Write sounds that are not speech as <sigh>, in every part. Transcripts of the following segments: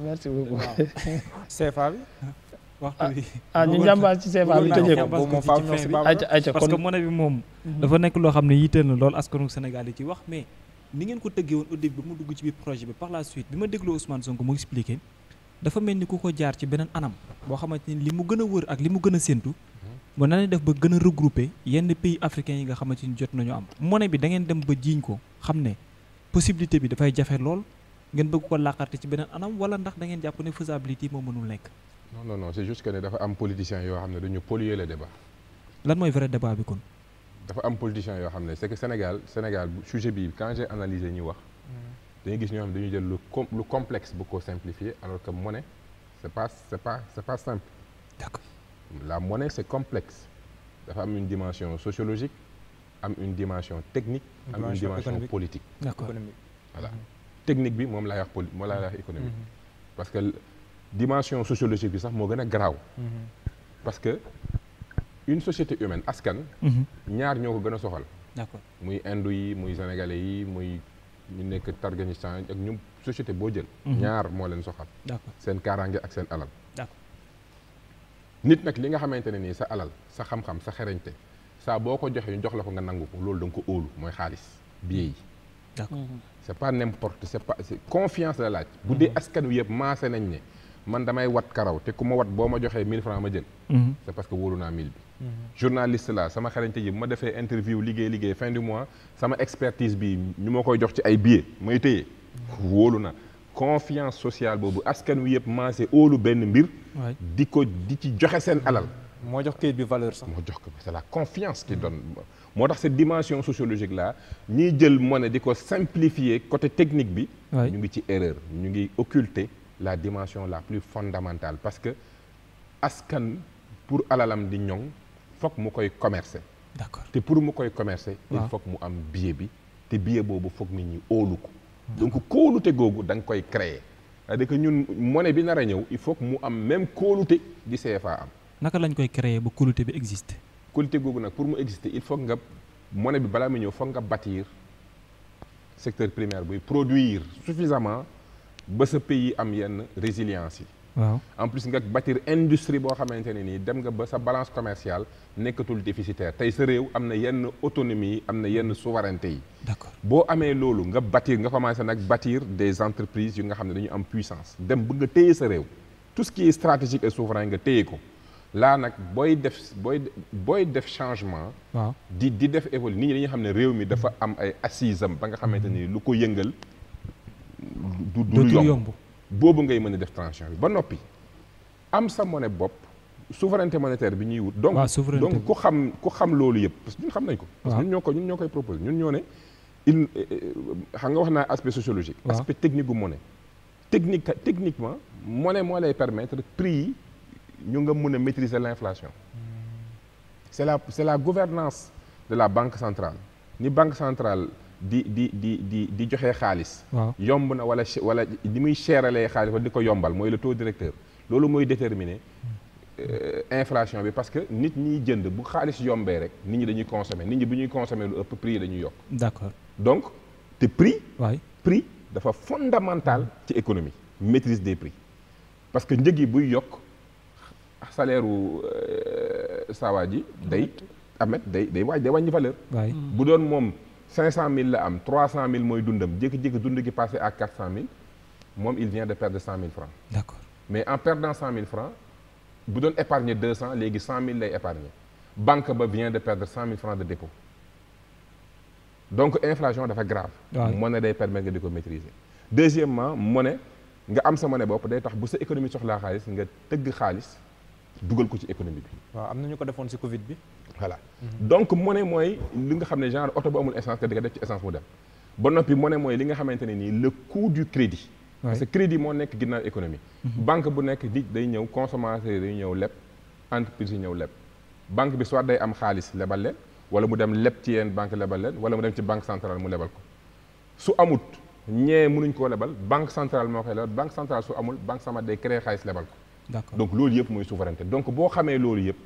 merci beaucoup. CFA bi. waxtu bi ah ñu jàmbaas ci CFA bi tëjee ko parce que monnaie bi moom. Mhm. dafa nekk loo xam ne yitteel na lool askanu senegal yi ci wax mais ni ngeen ko tëggee woon au début ba mu dugg ci biir projet bi par la suite bi ma dégloo Ousmane Sonko mu expliqué dafa mel ni ku ko jaar ci beneen anam boo xamante ni li mu gën a wër ak li mu gën a séntu. ba mhm. na def ba gën a regrouper yenn pays africains yi nga xamante ni jot nañu am. monnaie bi da ngeen dem ba jiiñ ko xam ne possibilité bi dafay jafe lool ngeen bëgg ko làqarti ci beneen anam wala ndax da ngeen jàpp ne faisabilité moo mënul nekk. non non non c'est juste que ne dafa am politiciens yoo xam ne dañu polluer le débat. lan mooy vrai débat bi kon. dafa am politiciens yoo xam ne c'est que Sénégal Sénégal sujet bi quand j'ai analysé ñuy wax. Mm. dañuy gis ñoo xam ne dañuy jël lu com lu complexe bu ko simplifier alors que monnaie c'est pas c'est pas c'est pas simple. la monnaie c'est complexe. dafa am une dimension sociologique am une dimension technique. am une dimension politique. d'accord technique bi moom laay wax poli moom laay wax économique. Mm-hmm. parce que dimension sociologique bi sax moo gën a garaaw. Mm-hmm. parce que une société humaine askan. Mm-hmm. ñaar ñoo ko gën a soxal. d'accord muy indo yi muy sénégalais yi muy ñu nekk Targanistan ak ñu société boo jël. ñaar moo leen soxal. d'accord seen kaaraange ak seen alal. nit nag li nga xamante ne nii sa alal sa xam-xam sa xereñte saa boo ko joxee ñu jox la ko nga nangu ko loolu da ko óolu mooy xaalis billet yi. c' mhm. est pas n' importe c' est pas confiance la laaj bu mhm. askan wi yëpp maase nañ ne man damay wat karaw te ku ma wat boo ma joxee mille francs ma jël mhm. c' est parce que wóolu naa mille bi journaliste la sama xarañte yi bu ma defee interview liggéey liggéey fin du mois sama expertise bi ñu ma koy jox ci ay billets may téye wóolu na confiance sociale boobu askan wi yëpp maase óolu benn mbir di ko di ci joxe seen alal moo jox kayit bi valeur sax moo jox ko c'est la confiance qui donne moo tax se dimension sociologique là ñiy jël monnaie di ko simplifier côté technique bi ñu ngi ci erreur ñu ngi occulter la dimension la plus fondamentale parce que askan pour alalam di ñoŋ fokk mu koy commercer d'accord te pour mu koy commercer il faut mu am billet bi te billet boobu fokk nit ñi óolu ko hmm. donc kóolute googu da nga koy créer c'est-à-dire que ñun monnaie bi nar a ñëw il faut mu am même kóolute gi CFA am naka lañ koy créer ba kóolute bi existe kóolute googu nag pour mu exister il faut nga monnaie bi balaa mu ñëw foog nga bâtir secteur primaire buy produire suffisamment ba sa pays am yenn résilience yi waaw en plus nga bâtir industrie boo xamante ne nii dem nga ba sa balance commerciale nekkatul déficitaire tey sa réew am na yenn autonomie yi am na yenn souveraineté yi. d'accord boo amee loolu nga bâtir nga commencé nag bâtir des entreprises yu nga xam ne dañu am puissance dem bëgg nga téye sa réew tout ce qui et souverain nga téye ko. laa nag booy def booy booy def changement. waaw di di def évoluer nit ñi dañuy xam ne réew mi dafa am ay assises am ba nga xamante ni lu ko yëngal. du du yomb boobu ngay mën a def transition bi ba noppi am sa monnaie bopp souveraineté monétaire bi ñuy wut. donc donc ku xam ku xam loolu yëpp parce que ñun xam nañ ko. parce que ñun ñoo ko ñun ñoo koy proposé ñun ñoo ne il euh, euh, xam nga wax naa aspect sociologique. aspect technique gu monnaie. technique techniquement monnaie moo lay permettre prix yi. ñu nga mun a maîtriser l'inflation c'est la c'est la gouvernance de la banque centrale ni banque centrale di di di di di joxe xaalis yomb na wala wala ni muy cheralee xaalis wala di ko yombal mooy le taux directeur loolu mooy déterminer euh, inflation bi parce que nit ñiy jënd bu xaalis yombee rek nit ñi dañuy consommer nit ñi bu ñuy consommer lu ëpp prix yi dañuy yokk d'accord donc te prix waay prix dafa fondamental ci économie maîtrise des prix parce que njëg yi buy yokk salaire wu euh, saawa ji day amet day day waaj day wàññi valeur bu doon moom cinq cent mille la am trois cent mille mooy dundam jékki-jékki dund gi passé à quatre cent mille moom il vient de perdre cent mille francs d'accord mais en perdant cent mille francs bu doon épargner cent léegi cent mille lay épargner banque ba vient de perdre cent mille francs de dépôt donc inflation dafa grave monnaie day permettre nga di ko maîtriser deuxièmement monnaie nga am sa monnaie bopp day tax bu sa économie soxlaa xaalis nga tëgg xaalis dugal ko ci économie bi. waaw am na ñu ko defoon si Covid bi. voilà mhm. donc monnaie mooy li nga xam ne genre oto bu amul essence que di nga def ci essence mu dem ba noppi monnaie mooy li nga xamante ne nii le coût du crédit. parce que crédit moo nekk ginnaaw économie. Mhm. banque bu nekk di day ñëw consommateur yi day ñëw leb entreprise yi ñëw leb banque bi soit day am xaalis lebal leen wala mu dem leb ci yenn banque lebal leen wala mu dem ci banque centrale mu lebal ko su amut ñee mënuñ koo lebal banque centrale moo koy sama day créer xaalis lebal ko. d'accord donc loolu yëpp mooy souveraineté donc boo xamee loolu yëpp.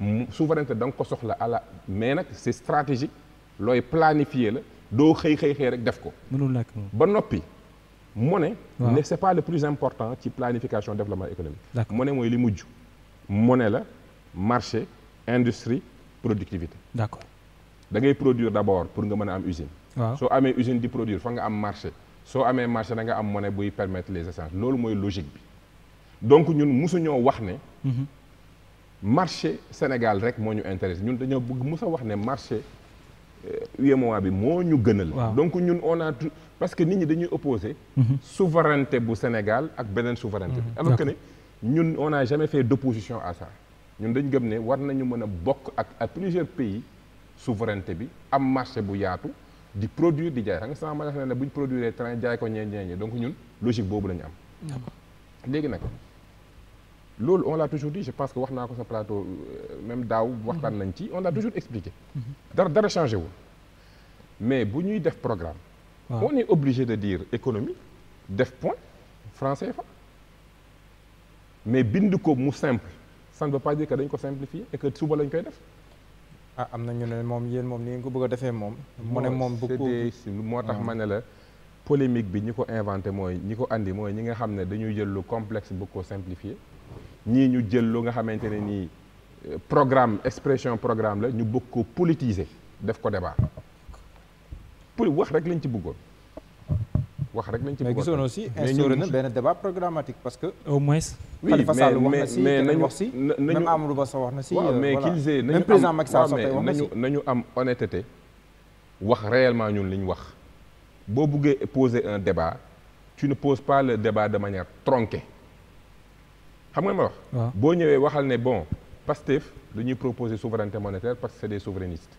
Mhm. souveraineté da ko soxla à mais nag c'est stratégique looy planifier la doo xëy xëy xëy rek def ko. mënul nekk ba noppi. monnaie ne c'est pas le plus important ci planification développement économique. d'accord mooy li mujj. monnaie la marché industrie productivité. da ngay produire d'abord pour nga mën a am usine. waaw soo amee usine di produire fa nga am marché. soo amee marché da nga am monnaie buy permettre les échanges loolu mooy logique bi. donc ñun musuñoo wax ne. Mhm. marché Sénégal rek moo ñu intéressé ñun dañoo bugg mus wax ne marché UEMOA euh, bi moo ñu gënal. donc ñun on a parce que nit ñi dañuy opposé. Mhm. souveraineté bu Sénégal ak beneen souveraineté bi. Mhm. alors que ne ñun on d' opposition à ça ñun dañ gëm ne war nañu mën a bokk ak ak plusieurs pays souveraineté bi am marché bu yaatu di produire di jaay xam nga sama ma ne buñ produire train jaay ko ñee ñee donc ñun logique boobu la ñu am. léegi nag. loolu on l'a toujours dit je pense que wax naa ko sa plateau euh, même daaw waxtaan nañ ci on l'a toujours expliqué mhm. dara dara changé wul mais bu ñuy def programme ah. on est obligé de dire économie def point franc CFA mais bind ko mu simple ça ne pas dire que dañ ko simplifier et que suba lañ koy def ah am na ñu ne moom yéen moom ni nga ko bëgg a defee moom mu ne moom bu moo tax ah. ma ne la polémique bi ñi ko inventé mooy ñi ko indi mooy ñi nga xam ne dañuy jël lu complexe bu ko simplifier ñii ñu jël lu nga xamante ne nii euh, programme expression programme la ñu bëgg ko politiser def ko débat pour wax rek lañ ci bëggoon wax rek lañ ci bëggoon mais gisoon aussi instauré na benn débat programmatique parce que. au moins. oui mais mais nañu wax si même Amadou Ba sax wax na si. voilà mais qu'ils aient nañu am président wax na nañu am honnêteté wax réellement ñun li ñu wax boo buggee poser un débat tu ne poses pas le débat de manière tronquée. xam nga ma wax. waaw boo ñëwee waxal ne bon Pastef dañuy proposer souveraineté monétaire parce que c'est des souverainistes.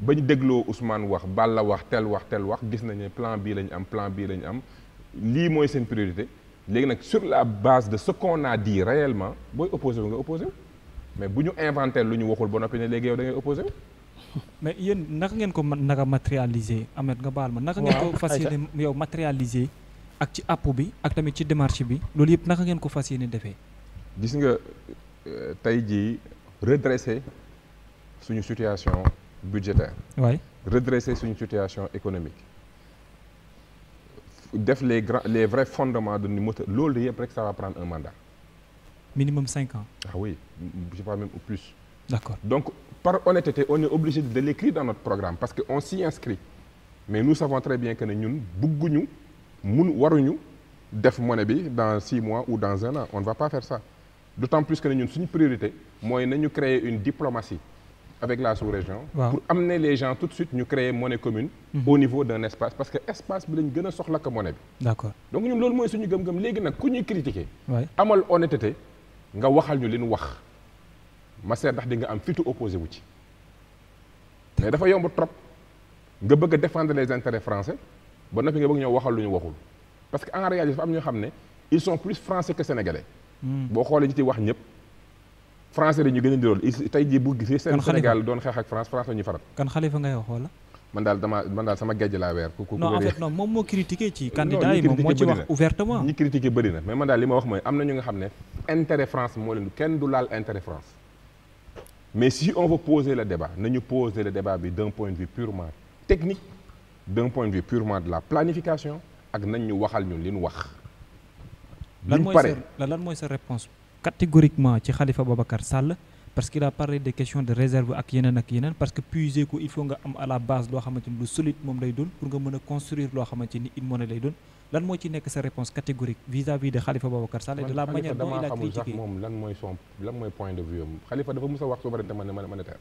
bañ dégloo Ousmane wax Balla wax tel wax wax gis nañ ne plan bii lañ am plan bii lañ am lii mooy seen priorité léegi nag sur la base de ce qu'on a dit réellement booy wu nga opposé wu mais bu ñu inventé lu ñu waxul ba noppi ne léegi yow da ngay opposé wu. <laughs> mais yéen naka ngeen ko mën naka matérialiser Ahmed nga baal ma. naka ngeen ko fas yéene yow matérialiser. ak ci àpp bi ak tamit ci démarche bi loolu yëpp naka ngeen ko fas yéene defee. gis nga euh, tey jii redresser suñu situation budgétaire. waay redresser suñu situation économique. def les grands les vrais fondements de moteur loolu yëpp rek ça va prendre un mandat. minimum cinq ans. ah oui je sais pas même au plus. d'accord donc par honnêteté on est obligé de l'écrire dans notre programme parce que on s'y inscrit mais nous savons très bien que ne ñun bëgguñu mun waruñu def monnaie bi dans six mois ou dans un an on ne va pas faire ça. d'autant plus que ñun suñu priorité mooy nañu créer une diplomatie avec la sous-région wow. pour amener les gens tout de suite ñu créer monnaie commune mmh. au niveau d'un espace parce que espace bi lañ gën a soxla ko monnaie bi d'accord donc ñun loolu mooy suñu gëm-gëm léegi nag ku ñuy critiquer amal honnêteté nga waxal ñu li ñu wax ma seet ndax di nga am fitu opposé wu ci mais dafa yomb trop nga bëgg a défendre les intérêts français ba noppi nga bëgg ñoo waxal lu ñu waxul parce que en réalité dafa ñoo xam ne ils sont plus français que Hmm. boo xoolee ñu ci wax ñëpp français la ñu gën a ndirool tey jii bu gisee seen Sénégal doon xeex ak France France ngay wax wala man daal dama man daal sama gejj laa weer ku ku non en fait non moom moo critiqué ci candidat yi moo ci wax ouvertement ñi critiqué bëri mais man daal li ma wax mooy am na ñu nga xam ne intérêt France moo leen kenn du laal intérêt France mais si on veut poser le débat nañu poser le débat bi d'un point de vue purement technique d'un point de de la planification ak nañ ñu waxal ñun li ñu wax lan mooy sa lan mooy sa réponse catégoriquement ci Khalifa Babacar Sall parce qu'il a parlé des questions de réserve ak yeneen ak yeneen parce que puiser ko il faut nga am à la base loo xamante ni lu solide moom lay doon pour nga mën a construire loo xamante ni une monnaie lay doon lan moo ci nekk sa réponse catégorique vis vis de Khalifa Babacar Sall et de la manière il a critiqué moom lan mooy point de vue am Khalifa dafa mus a wax souveraineté monétaire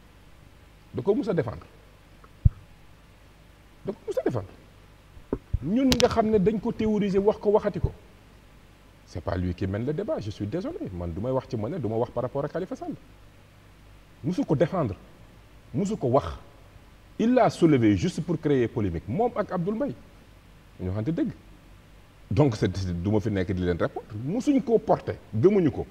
da ko mus a da ko mus a xam ne dañ ko théoriser wax ko waxati ko c'est pas lui qui mène le débat je suis désolé man du may wax ci ma ne wax par rapport ak Khalifa Sall musu ko défendre musu ko wax il l'a soulevé juste pour créer polémique moom ak Abdoul Mbaye xam waxante dëgg donc c'est du fi nekk di leen répondre musuñ koo porté gëmuñu ko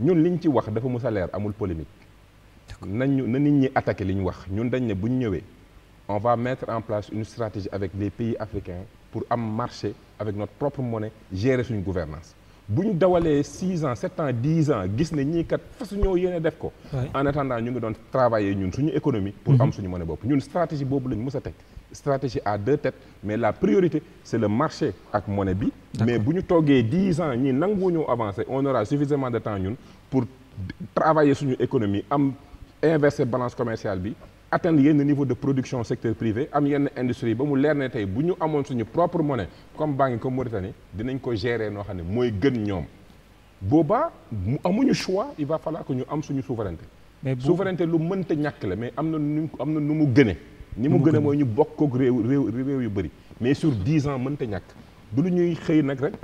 ñun liñ ci wax dafa musa leer amul polémique nañu na nit ñi attaqué li ñu wax ñun dañ ne bu ñu ñëwee on va mettre en place une stratégie avec les pays africains pour am marché avec notre propre monnaie gérer suñu gouvernance bu ñu dawalee 6 ans 7 ans 10 ans gis ne ñii kat fasu ñoo yéene def ko en attendant ñu ngi doon travailler ñun suñu économie pour mhm. am suñu monnaie bopp ñun stratégie boobu lañ mës a teg stratégie à deux têtes mais la priorité c'est le marché ak monnaie bi mais bu ñu toogee 10 ans ñii nanguwuñoo avancer on aura suffisamment de temps ñun pour travailler suñu économie am inverser balance commerciale bi atteindre yenn niveau de production secteur privé am yenn industrie ba mu leer ne tey bu ñu amoon suñu propre monnaie comme Bangi comme Mauritanie dinañ ko gérer noo xam ne mooy gën ñoom boobaa mu amuñu choix il va falloir que ñu am suñu souveraineté souveraineté lu mënta ñàkk la mais am na nu am na nu mu gëne ni mu gëne mooy ñu bokk ak réew réew réew yu bëri mais sur dix ans mënta ñàkk du lu ñuy xëy nag rek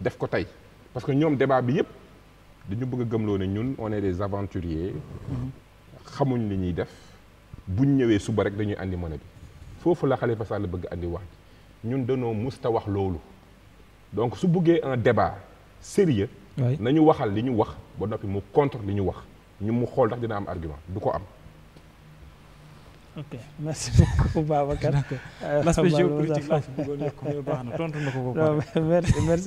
def ko tey parce que ñoom débat bi yëpp dañu bëgg gëmloo ne ñun on est des aventuriers mm-hmm. xamuñ li ñuy def buñ ñëwee suba rek dañuy andi mën a bi foofu la saa la bëgg andi wax ñun danoo musta wax loolu donc su buggee en débat sérieux nañu waxal li ñu wax ba noppi mu contre li ñu wax ñu mu xool ndax dina am argument du ko am ok merci beaucoup Babacar. Euh, l'aspect géopolitique laa ci bëggoon yokk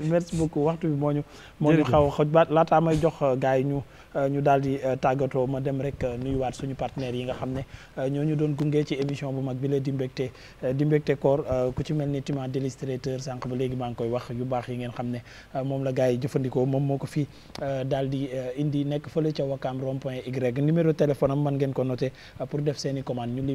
mais waxtu bi moo ñu. moo xaw a xoj laataa may jox euh, gars yi ñu euh, ñu daal di tàggatoo ma dem rek nuyuwaat suñu partenaires yi nga xam ne ñoo ñu doon gunge ci émission bu mag bi la di di Mbegte koor ku ci mel ni Tima délistrateur sànq ba léegi maa ngi koy wax yu baax yi ngeen xam ne moom la gars yi jëfandikoo moom moo ko fi daal di indi nekk fële ca Wakaam rond point Y numéro téléphone am mën ngeen ko noté pour def seen i commande ñu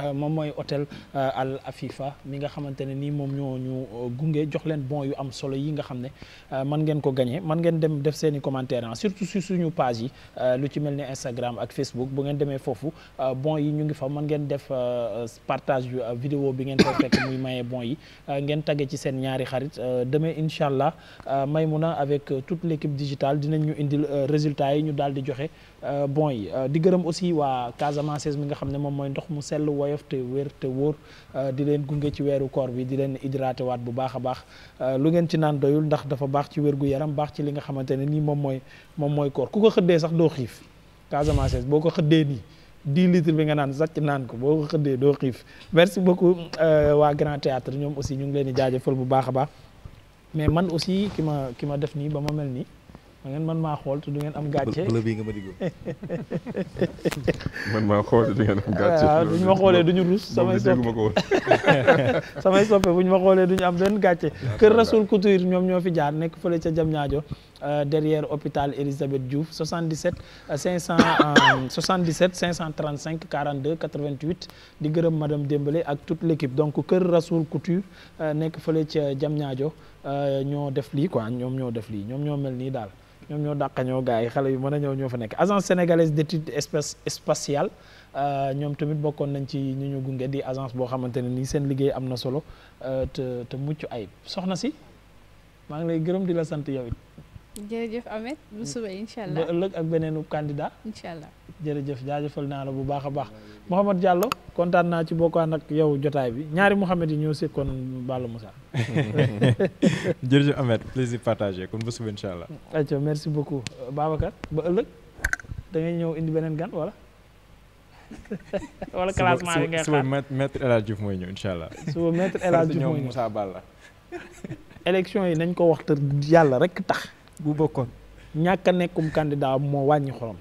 Euh, moom mooy hôtel euh, Al Afifa mi nga xamante ne nii moom ñoo ñu euh, gunge jox leen bon yu am solo yi nga xam ne mën ngeen ko gagné man ngeen dem def seen i commentaire surtout su suñu page yi lu ci mel ni Instagram ak Facebook bu ngeen demee foofu bon yi ñu ngi fa mën ngeen def partage yu vidéo bi ngeen ko fekk muy maye bon yi ngeen tagge ci seen ñaari xarit demain incha allah Maymuna avec tout l' équipe digitale dinañ ñu indil résultat yi ñu daal di joxe. Euh, bon yi euh, di gërëm aussi waa Casamance mi nga xam ne moom mooy ndox mu sell woyof te wér te wóor euh, di leen gunge ci weeru koor bi di leen hydraté waat bu baax a baax lu ngeen ci naan doyul ndax dafa baax ci wér-gu-yaram baax ci li nga xamante ne nii moom mooy moom mooy koor ku ko xëddee sax doo xiif Casamance boo ko xëddee nii 10 litres bi nga naan sàcc naan ko boo ko xëddee doo xiif merci beaucoup waa Grand Théâtre ñoom aussi ñu ngi leen di jaajëfal bu baax a baax mais man aussi ki ma ki ma def nii ba ma mel nii ma ngeen man maa xool te du ngeen am gàcce bële bii nga ma diggoo man xool te du ah, bu ñu ma xoolee duñu rus samay soppe ko <laughs> samay soppe bu ñu ma xoolee duñu am benn gàcce kër Rasoul Couture ñoom ñoo fi jaar nekk fële ca jam ñaajo euh, derrière hôpital Elisabeth Diouf 77 500 77 535 42 88 di gërëm madame Dembélé ak toute l'équipe donc kër Rasoul Couture euh, nekk fële ca jam ñaajo euh, ñoo def lii quoi ñoom ñoo def lii ñoom ñoo mel nii daal ñoom ñoo dàq ñoo gars yi xale yu mën a ñëw ñoo fa nekk agence sénégalaise d'études espace spatiale euh, ñoom tamit bokkoon nañ ci ñu ñu gunge di agence boo xamante ne nii seen liggéey am na solo euh, te te mucc ay soxna si maa ngi lay gërëm di la sant yow it jërëjëf Ameth bu suba incha allah ba ëllëg ak beneenu candidat. incha allah jërëjëf jaajëfal naa la bu baax a baax. Mouhamed jàllo kontaan naa ci bokkaan ak yow jotaay bi ñaari Mouhamed yi ñoo sekkoon Balla Moussa. <laughs> jërëjëf Ameth plaisir partagé kon bu suba incha allah. ayca merci beaucoup Babacar ba ëllëg da ñëw indi beneen gan wala. wala classement bi ngay xaar suba suba maître El Hadj Diouf mooy ñëw yi nañ ko wax te yàlla rek tax. bu bokkoon ñàkk a nekkum candidat moo wàññi xorom